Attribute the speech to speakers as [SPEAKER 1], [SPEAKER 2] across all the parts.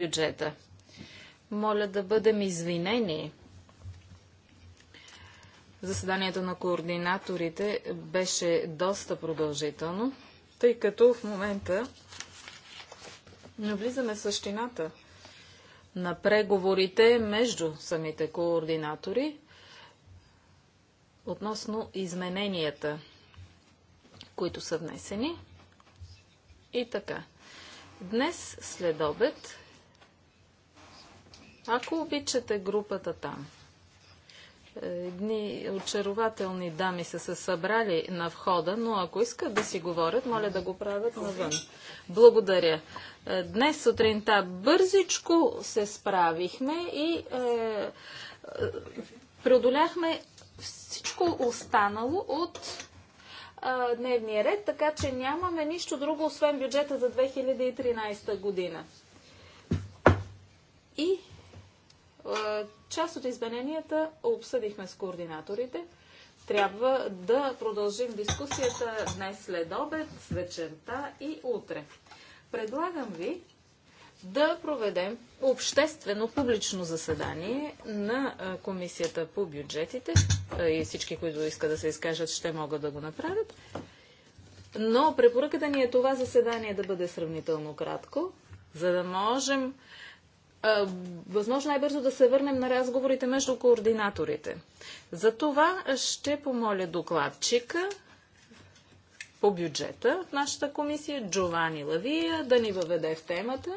[SPEAKER 1] бюджета. Моля да бъдем извинени. Заседанието на координаторите беше доста продължително, тъй като в момента навлизаме в същината на преговорите между самите координатори относно измененията, които са внесени. И така. Днес след обед ако обичате групата там, едни очарователни дами са се събрали на входа, но ако искат да си говорят, моля да го правят навън. Благодаря. Е, днес сутринта бързичко се справихме и е, е преодоляхме всичко останало от е, дневния ред, така че нямаме нищо друго, освен бюджета за 2013 година. И е, част от измененията обсъдихме с координаторите. Трябва да продължим дискусията днес след обед, вечерта и утре. Предлагам ви да проведем обществено публично заседание на е, Комисията по бюджетите е, и всички, които искат да се изкажат, ще могат да го направят. Но препоръката ни е това заседание да бъде сравнително кратко, за да можем възможно най-бързо да се върнем на разговорите между координаторите. За това ще помоля докладчика по бюджета в нашата комисия, Джовани Лавия, да ни въведе в темата.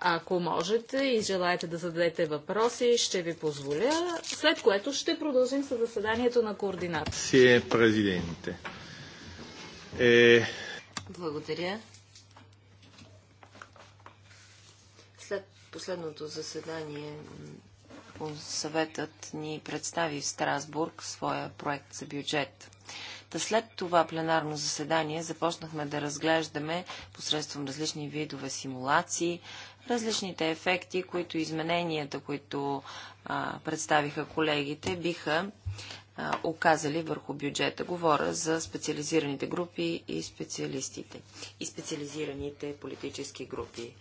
[SPEAKER 1] Ако можете и желаете да зададете въпроси, ще ви позволя, след което ще продължим с заседанието на координатор.
[SPEAKER 2] Си е президенте. Е.
[SPEAKER 1] Благодаря.
[SPEAKER 2] последното заседание съветът ни представи в Страсбург своя проект за бюджет. Та след това пленарно заседание започнахме да разглеждаме посредством различни видове симулации, различните ефекти, които измененията, които а, представиха колегите, биха а, оказали върху бюджета. Говоря за специализираните групи и специалистите и специализираните политически групи.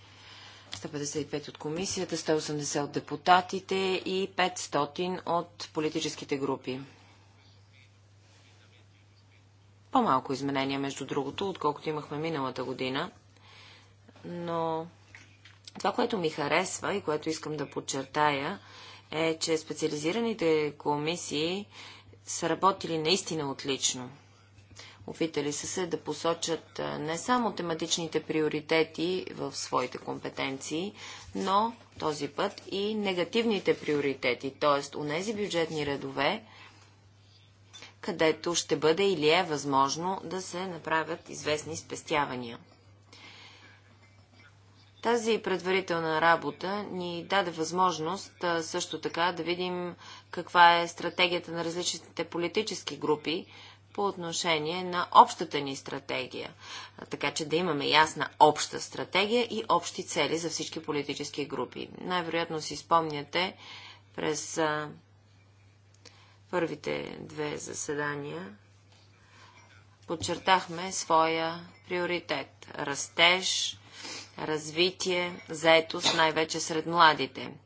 [SPEAKER 2] 155 от комисията, 180 от депутатите и 500 от политическите групи. По-малко изменения, между другото, отколкото имахме миналата година. Но това, което ми харесва и което искам да подчертая, е, че специализираните комисии са работили наистина отлично – Опитали са се да посочат не само тематичните приоритети в своите компетенции, но този път и негативните приоритети, т.е. у нези бюджетни редове, където ще бъде или е възможно да се направят известни спестявания. Тази предварителна работа ни даде възможност също така да видим каква е стратегията на различните политически групи по отношение на общата ни стратегия. Така че да имаме ясна обща стратегия и общи цели за всички политически групи. Най-вероятно си спомняте през а, първите две заседания подчертахме своя приоритет – растеж, развитие, заетост най-вече сред младите –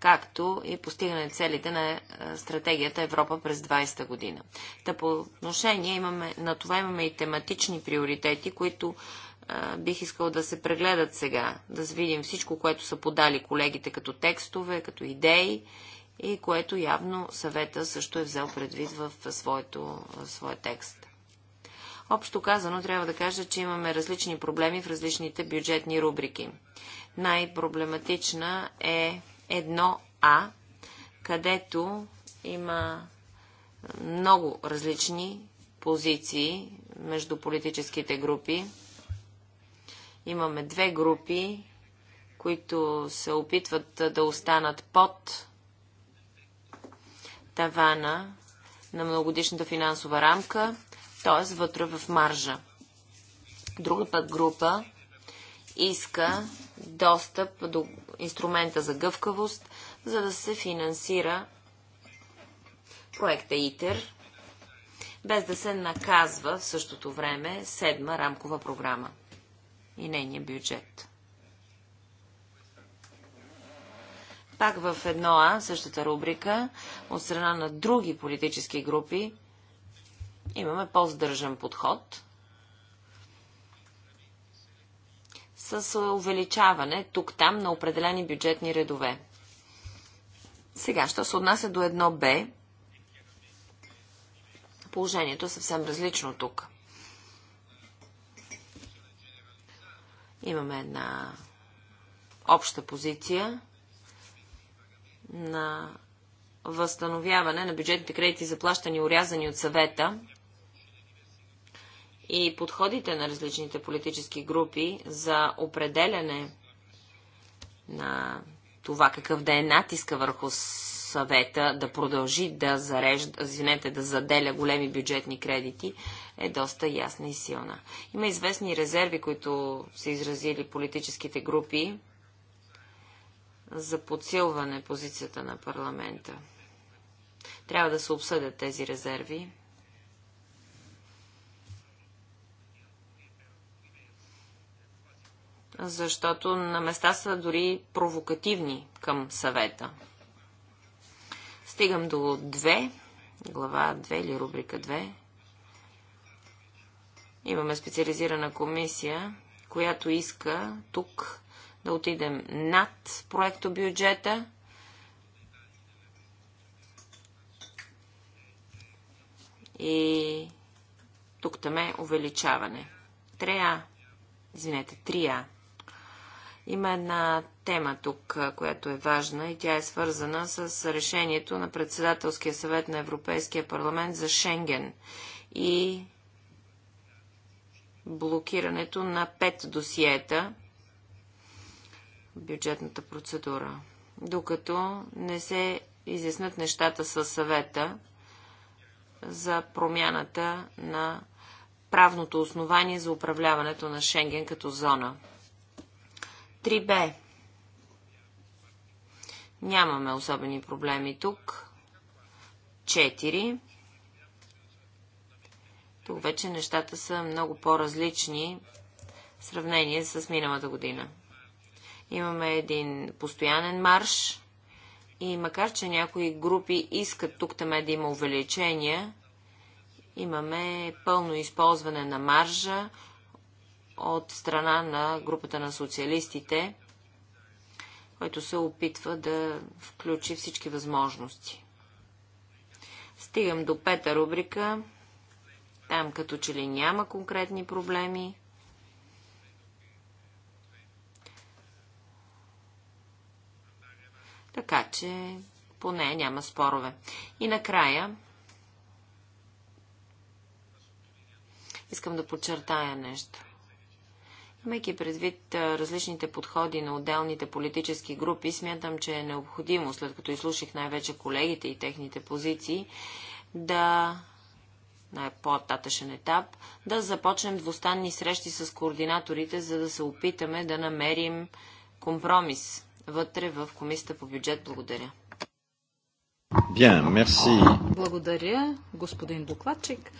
[SPEAKER 2] както и постигане целите на стратегията Европа през 20-та година. Та по отношение имаме, на това имаме и тематични приоритети, които а, бих искал да се прегледат сега, да видим всичко, което са подали колегите като текстове, като идеи и което явно съвета също е взел предвид в, своето, в своя текст. Общо казано, трябва да кажа, че имаме различни проблеми в различните бюджетни рубрики. Най-проблематична е 1А, където има много различни позиции между политическите групи. Имаме две групи, които се опитват да останат под тавана на многогодишната финансова рамка, т.е. вътре в маржа. Друга път група иска достъп до инструмента за гъвкавост, за да се финансира проекта ИТЕР, без да се наказва в същото време седма рамкова програма и нейния бюджет. Пак в едно, а същата рубрика, от страна на други политически групи, имаме по-здържан подход – с увеличаване тук-там на определени бюджетни редове. Сега, що се отнася до едно б положението е съвсем различно тук. Имаме една обща позиция на възстановяване на бюджетните кредити заплащани и урязани от съвета и подходите на различните политически групи за определяне на това какъв да е натиска върху съвета да продължи да зарежда, извинете, да заделя големи бюджетни кредити, е доста ясна и силна. Има известни резерви, които са изразили политическите групи за подсилване позицията на парламента. Трябва да се обсъдят тези резерви защото на места са дори провокативни към съвета. Стигам до 2, глава 2 или рубрика 2. Имаме специализирана комисия, която иска тук да отидем над проекто бюджета. И тук е увеличаване. 3А. Извинете, 3А. Има една тема тук, която е важна и тя е свързана с решението на Председателския съвет на Европейския парламент за Шенген и блокирането на пет досиета бюджетната процедура. Докато не се изяснат нещата със съвета за промяната на правното основание за управляването на Шенген като зона. 3b. Нямаме особени проблеми тук. 4. Тук вече нещата са много по-различни в сравнение с миналата година. Имаме един постоянен марш и макар, че някои групи искат тук там да има увеличения, имаме пълно използване на маржа, от страна на групата на социалистите, който се опитва да включи всички възможности. Стигам до пета рубрика. Там като че ли няма конкретни проблеми. Така че поне няма спорове. И накрая искам да подчертая нещо. Имайки предвид различните подходи на отделните политически групи, смятам, че е необходимо, след като изслушах най-вече колегите и техните позиции, да на по-татъшен етап, да започнем двустанни срещи с координаторите, за да се опитаме да намерим компромис вътре в Комисията по бюджет. Благодаря.
[SPEAKER 1] Bien, merci. Благодаря, господин докладчик.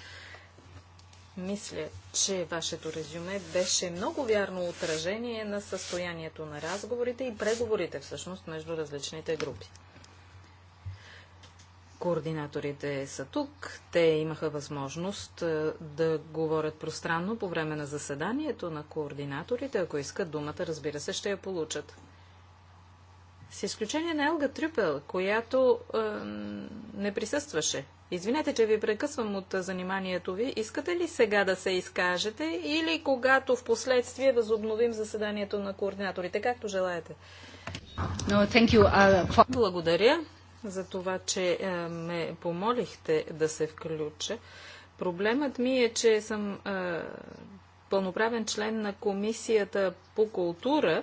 [SPEAKER 1] Мисля, че вашето резюме беше много вярно отражение на състоянието на разговорите и преговорите всъщност между различните групи. Координаторите са тук. Те имаха възможност е, да говорят пространно по време на заседанието на координаторите. Ако искат думата, разбира се, ще я получат. С изключение на Елга Трюпел, която е, не присъстваше Извинете, че ви прекъсвам от заниманието ви. Искате ли сега да се изкажете или когато в последствие възобновим заседанието на координаторите, както желаете? No, thank you. Uh, Благодаря за това, че е, ме помолихте да се включа. Проблемът ми е, че съм е, пълноправен член на Комисията по култура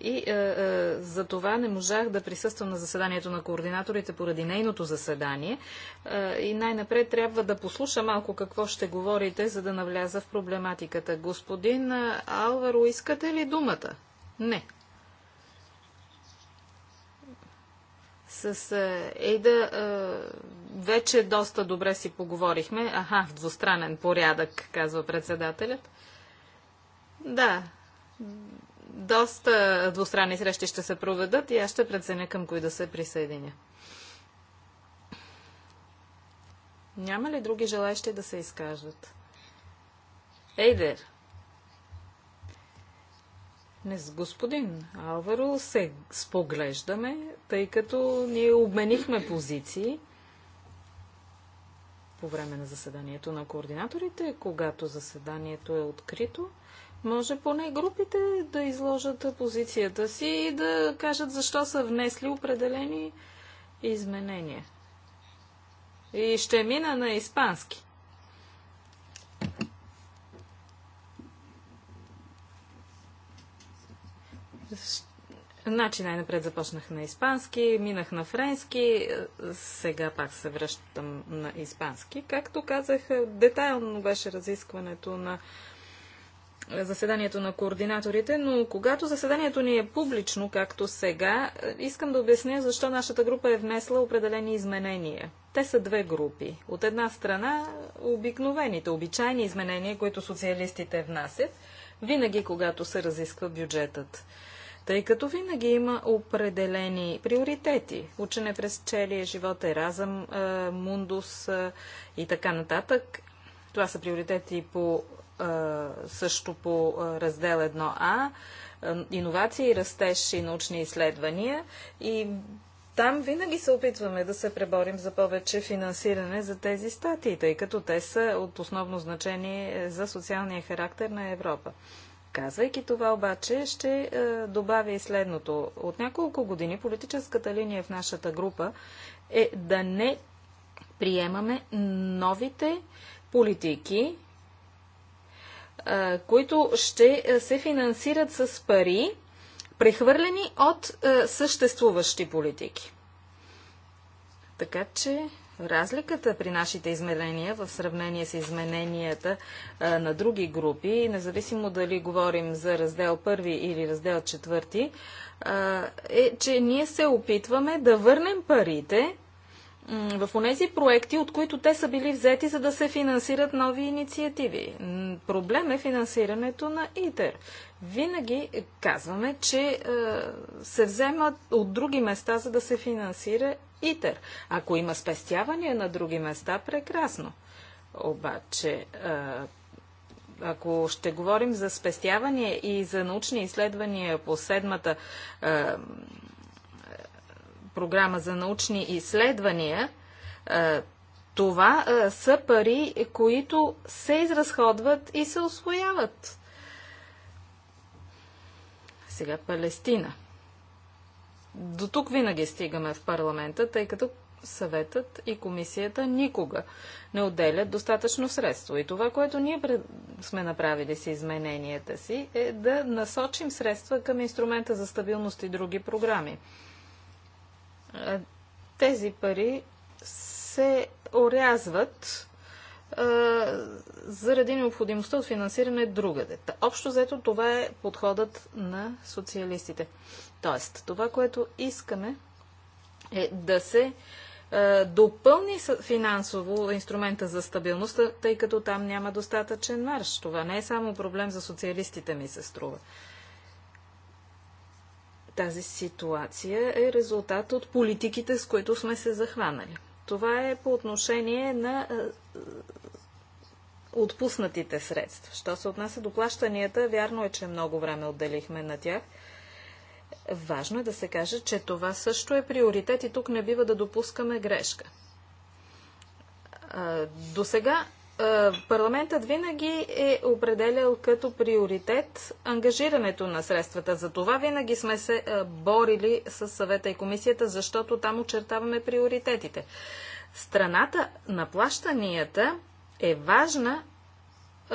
[SPEAKER 1] и е, е, за това не можах да присъствам на заседанието на координаторите поради нейното заседание. Е, и най-напред трябва да послуша малко какво ще говорите, за да навляза в проблематиката. Господин е, Алваро, искате ли думата? Не. С е, Ейда е, вече доста добре си поговорихме. Аха, в двустранен порядък, казва председателят. Да, доста двустранни срещи ще се проведат и аз ще преценя към кои да се присъединя. Няма ли други желаящи да се изкажат? Ейдер! Не с господин Алваро се споглеждаме, тъй като ние обменихме позиции по време на заседанието на координаторите, когато заседанието е открито. Може поне групите да изложат позицията си и да кажат защо са внесли определени изменения. И ще мина на испански. Значи най-напред започнах на испански, минах на френски, сега пак се връщам на испански. Както казах, детайлно беше разискването на заседанието на координаторите, но когато заседанието ни е публично, както сега, е, искам да обясня защо нашата група е внесла определени изменения. Те са две групи. От една страна обикновените, обичайни изменения, които социалистите внасят, винаги когато се разисква бюджетът. Тъй като винаги има определени приоритети. Учене през челия, живот, еразъм, е, мундус е, и така нататък. Това са приоритети по също по раздел 1А иновации, растеж и научни изследвания. И там винаги се опитваме да се преборим за повече финансиране за тези статии, тъй като те са от основно значение е, за социалния характер на Европа. Казвайки това обаче, ще е, добавя и следното. От няколко години политическата линия в нашата група е да не приемаме новите политики, които ще се финансират с пари, прехвърлени от съществуващи политики. Така че разликата при нашите изменения в сравнение с измененията на други групи, независимо дали говорим за раздел 1 или раздел 4, е, че ние се опитваме да върнем парите в тези проекти, от които те са били взети, за да се финансират нови инициативи. Проблем е финансирането на ИТЕР. Винаги казваме, че е, се вземат от други места, за да се финансира ИТЕР. Ако има спестявания на други места, прекрасно. Обаче, е, ако ще говорим за спестявания и за научни изследвания по седмата е, програма за научни изследвания, е, това е, са пари, които се изразходват и се освояват. Сега Палестина. До тук винаги стигаме в парламента, тъй като съветът и комисията никога не отделят достатъчно средство. И това, което ние сме направили с измененията си, е да насочим средства към инструмента за стабилност и други програми. Тези пари се орязват заради необходимостта от финансиране другаде. Общо взето това е подходът на социалистите. Тоест, това, което искаме е да се допълни финансово инструмента за стабилността, тъй като там няма достатъчен марш. Това не е само проблем за социалистите, ми се струва тази ситуация е резултат от политиките, с които сме се захванали. Това е по отношение на отпуснатите средства. Що се отнася до плащанията, вярно е, че много време отделихме на тях. Важно е да се каже, че това също е приоритет и тук не бива да допускаме грешка. До сега е, парламентът винаги е определял като приоритет ангажирането на средствата. За това винаги сме се е, борили с съвета и комисията, защото там очертаваме приоритетите. Страната на плащанията е важна, е,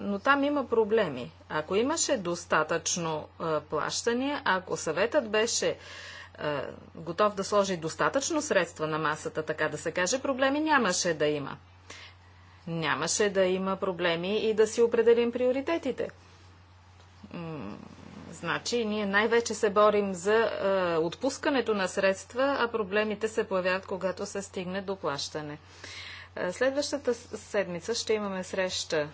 [SPEAKER 1] но там има проблеми. Ако имаше достатъчно плащания, ако съветът беше готов да сложи достатъчно средства на масата, така да се каже, проблеми нямаше да има нямаше да има проблеми и да си определим приоритетите. Значи, ние най-вече се борим за е, отпускането на средства, а проблемите се появяват, когато се стигне до плащане. Е, следващата седмица ще имаме среща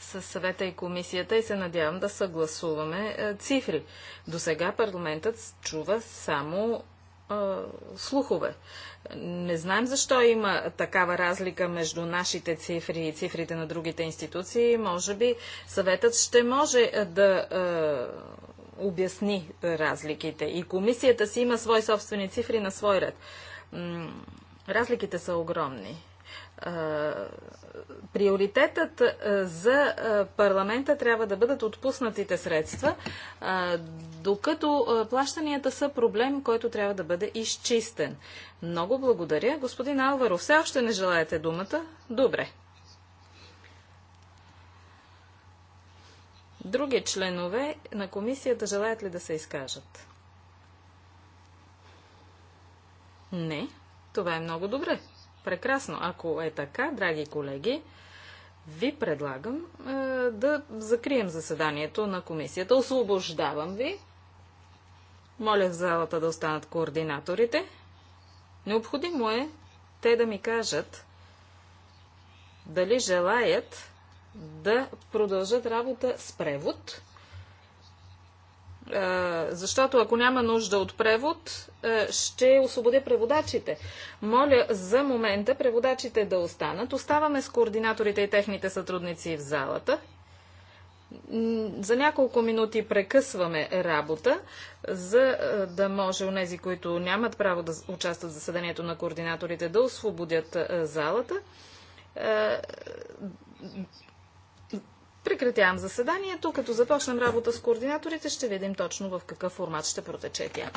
[SPEAKER 1] с съвета и комисията и се надявам да съгласуваме е, цифри. До сега парламентът чува само слухове. Не знаем защо има такава разлика между нашите цифри и цифрите на другите институции. Може би съветът ще може да е, обясни разликите. И комисията си има свои собствени цифри на свой ред. Разликите са огромни приоритетът за парламента трябва да бъдат отпуснатите средства, докато плащанията са проблем, който трябва да бъде изчистен. Много благодаря. Господин Алваро, все още не желаете думата? Добре. Други членове на комисията желаят ли да се изкажат? Не. Това е много добре. Прекрасно. Ако е така, драги колеги, ви предлагам е, да закрием заседанието на комисията. Освобождавам ви. Моля в залата да останат координаторите. Необходимо е те да ми кажат дали желаят да продължат работа с превод е, защото ако няма нужда от превод, е, ще освободя преводачите. Моля за момента преводачите да останат. Оставаме с координаторите и техните сътрудници в залата. За няколко минути прекъсваме работа, за е, да може онези, които нямат право да участват в заседанието на координаторите, да освободят залата Прекратявам заседанието. Като започнем работа с координаторите, ще видим точно в какъв формат ще протече тя.